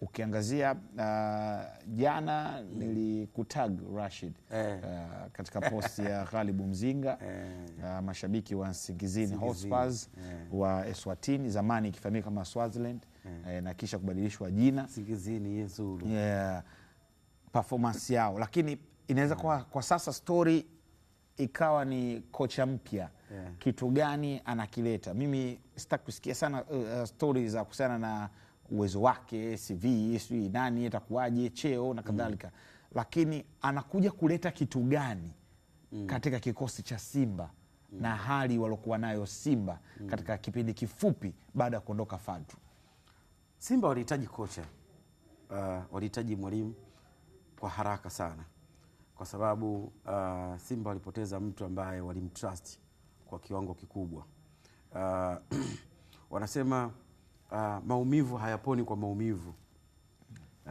ukiangazia uh, jana mm. nilikutag Rashid eh, uh, katika posti ya Ghalibu Mzinga eh, uh, mashabiki wa singizini eh, wa Eswatini zamani ikifahamika kama Swaziland eh, uh, na kisha kubadilishwa jina Nsingizini yeah, performance yao, lakini inaweza eh. kwa, kwa sasa stori ikawa ni kocha mpya yeah, kitu gani anakileta. Mimi sitaki kusikia sana uh, uh stori za kuhusiana na uwezo wake, CV sijui nani atakuwaje, cheo na kadhalika mm. Lakini anakuja kuleta kitu gani mm. katika kikosi cha Simba mm. na hali waliokuwa nayo Simba mm. katika kipindi kifupi baada ya kuondoka Fadru. Simba walihitaji kocha uh, walihitaji mwalimu kwa haraka sana, kwa sababu uh, Simba walipoteza mtu ambaye walimtrust kwa kiwango kikubwa uh, wanasema uh, maumivu hayaponi kwa maumivu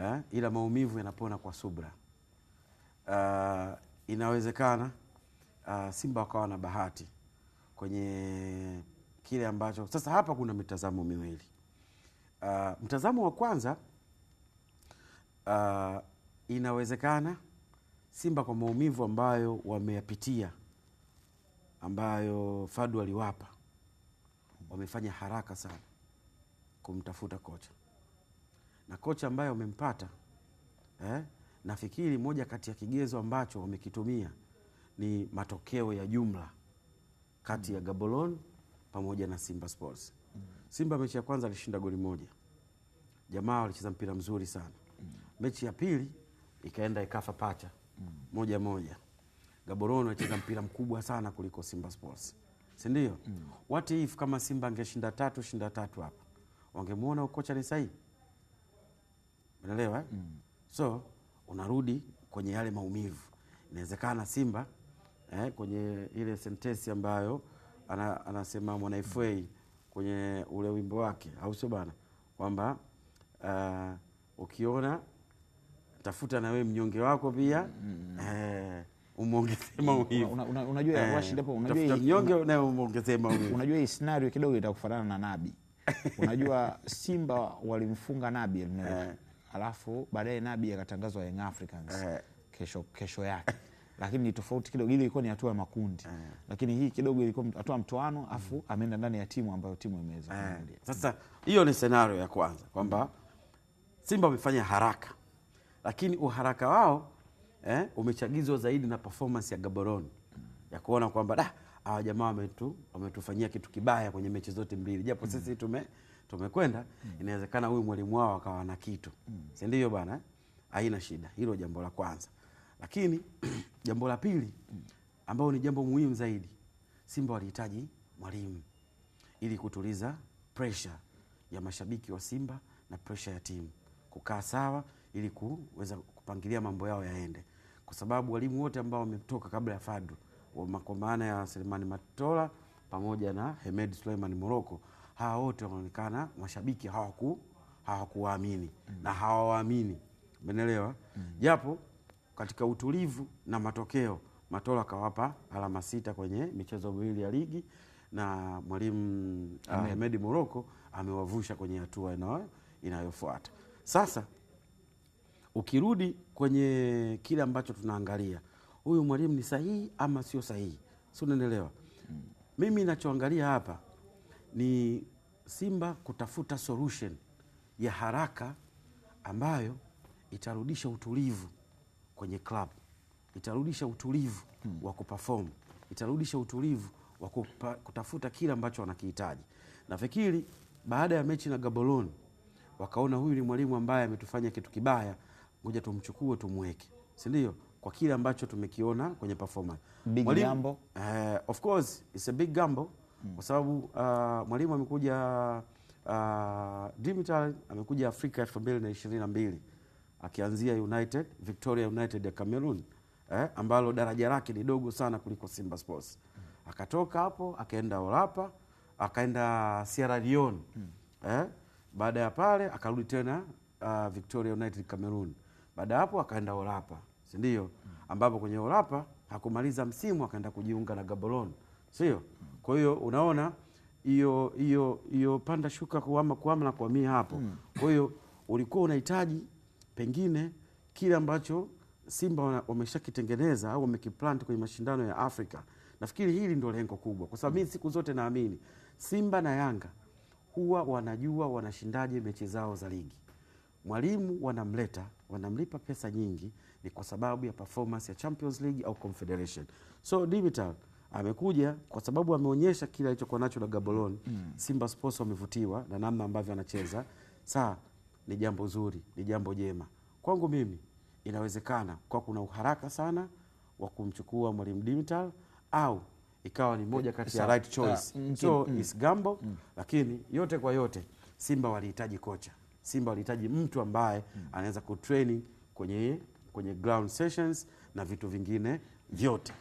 eh, ila maumivu yanapona kwa subra. Uh, inawezekana uh, Simba wakawa na bahati kwenye kile ambacho sasa. Hapa kuna mitazamo miwili uh, mtazamo wa kwanza uh, inawezekana Simba kwa maumivu ambayo wameyapitia ambayo Fadu aliwapa wamefanya haraka sana kumtafuta kocha na kocha ambaye wamempata eh, nafikiri moja kati ya kigezo ambacho wamekitumia ni matokeo ya jumla kati ya Gaborone pamoja na Simba Sports Simba mechi ya kwanza alishinda goli moja, jamaa walicheza mpira mzuri sana mechi ya pili ikaenda ikafa pacha moja moja. Gaborone walicheza mpira mkubwa sana kuliko Simba Sports, si ndio? mm. what if kama Simba angeshinda tatu shinda tatu hapa wangemwona ukocha ni sahihi, unaelewa eh? mm. So unarudi kwenye yale maumivu. Inawezekana Simba eh, kwenye ile sentensi ambayo ana, anasema mwanaifei kwenye ule wimbo wake, au sio bana, kwamba uh, ukiona tafuta na wewe mnyonge wako pia mm -hmm. eh, umwongezee mm, maumivu. Unajua eh, unajua Unajua hii scenario kidogo itakufanana na Nabi unajua Simba walimfunga Nabi yeah. alafu baadaye Nabi akatangazwa Young Africans eh. kesho, kesho yake lakini ni tofauti kidogo, ile ilikuwa ni hatua ya makundi yeah. lakini hii kidogo ilikuwa hatua mtoano, afu mm. ameenda ndani ya timu ambayo timu imeweza yeah. Sasa hiyo ni senario ya kwanza kwamba Simba wamefanya haraka, lakini uharaka wao eh, umechagizwa zaidi na performance ya Gaborone ya kuona kwamba da hawa jamaa wametu, wametufanyia kitu kibaya kwenye mechi zote mbili, japo mm. sisi tume tumekwenda mm. inawezekana huyu mwalimu wao akawa na kitu mm. si ndio bana? Haina shida, hilo jambo la kwanza. Lakini jambo la pili mm. ambao ni jambo muhimu zaidi, Simba walihitaji mwalimu ili kutuliza pressure ya mashabiki wa Simba na pressure ya timu kukaa sawa, ili kuweza kupangilia mambo yao yaende, kwa sababu walimu wote ambao wametoka kabla ya Fadlu kwa maana ya Selemani Matola pamoja na Hemed Suleiman Moroko, hawa wote wanaonekana mashabiki hawaku hawakuwaamini mm na hawawaamini umeelewa? Japo mm japo katika utulivu na matokeo Matola kawapa alama sita kwenye michezo miwili ya ligi na mwalimu ah, Hemed Moroko amewavusha kwenye hatua inayofuata. Sasa ukirudi kwenye kile ambacho tunaangalia huyu mwalimu ni sahihi ama sio sahihi, si unaelewa? mm. Mimi nachoangalia hapa ni Simba kutafuta solution ya haraka ambayo itarudisha utulivu kwenye klabu, itarudisha utulivu hmm. wa kuperform, itarudisha utulivu wa kutafuta kile ambacho wanakihitaji. Nafikiri baada ya mechi na Gaborone wakaona huyu ni mwalimu ambaye ametufanya kitu kibaya, ngoja tumchukue tumweke, si ndio? kwa kile ambacho tumekiona kwenye performance. Big mwalimu, gamble. Uh, of course it's a big gamble mm. kwa sababu uh, mwalimu amekuja uh, Dimitar amekuja Afrika 2022 akianzia United Victoria United ya Cameroon eh, ambalo daraja lake ni dogo sana kuliko Simba Sports mm. akatoka hapo akaenda Orapa akaenda Sierra Leone mm. eh, baada ya pale akarudi tena uh, Victoria United Cameroon, baada ya hapo akaenda Orapa si ndio? mm. ambapo kwenye Urapa hakumaliza msimu akaenda kujiunga na Gaborone, sio? Kwa hiyo unaona hiyo hiyo hiyo panda shuka, kuama kuama na kuamia hapo mm. Kwa hiyo ulikuwa unahitaji pengine kile ambacho Simba wameshakitengeneza au wamekiplant kwenye mashindano ya Afrika. Nafikiri hili ndio lengo kubwa, kwa sababu mimi hmm. siku zote naamini Simba na Yanga huwa wanajua wanashindaje mechi zao za ligi mwalimu wanamleta, wanamlipa pesa nyingi, ni kwa sababu ya performance ya Champions League au Confederation. So Dimitar amekuja kwa sababu ameonyesha kile alichokuwa nacho na Gaborone mm. Simba Sports wamevutiwa na namna ambavyo anacheza saa, ni jambo zuri, ni jambo jema kwangu mimi. Inawezekana kwa kuna uharaka sana wa kumchukua mwalimu dimital au ikawa ni moja kati ya right choice, mm, so mm. is Gambo. Mm. Lakini yote kwa yote, Simba walihitaji kocha. Simba walihitaji mtu ambaye mm. anaweza kutraini kwenye, kwenye ground sessions na vitu vingine vyote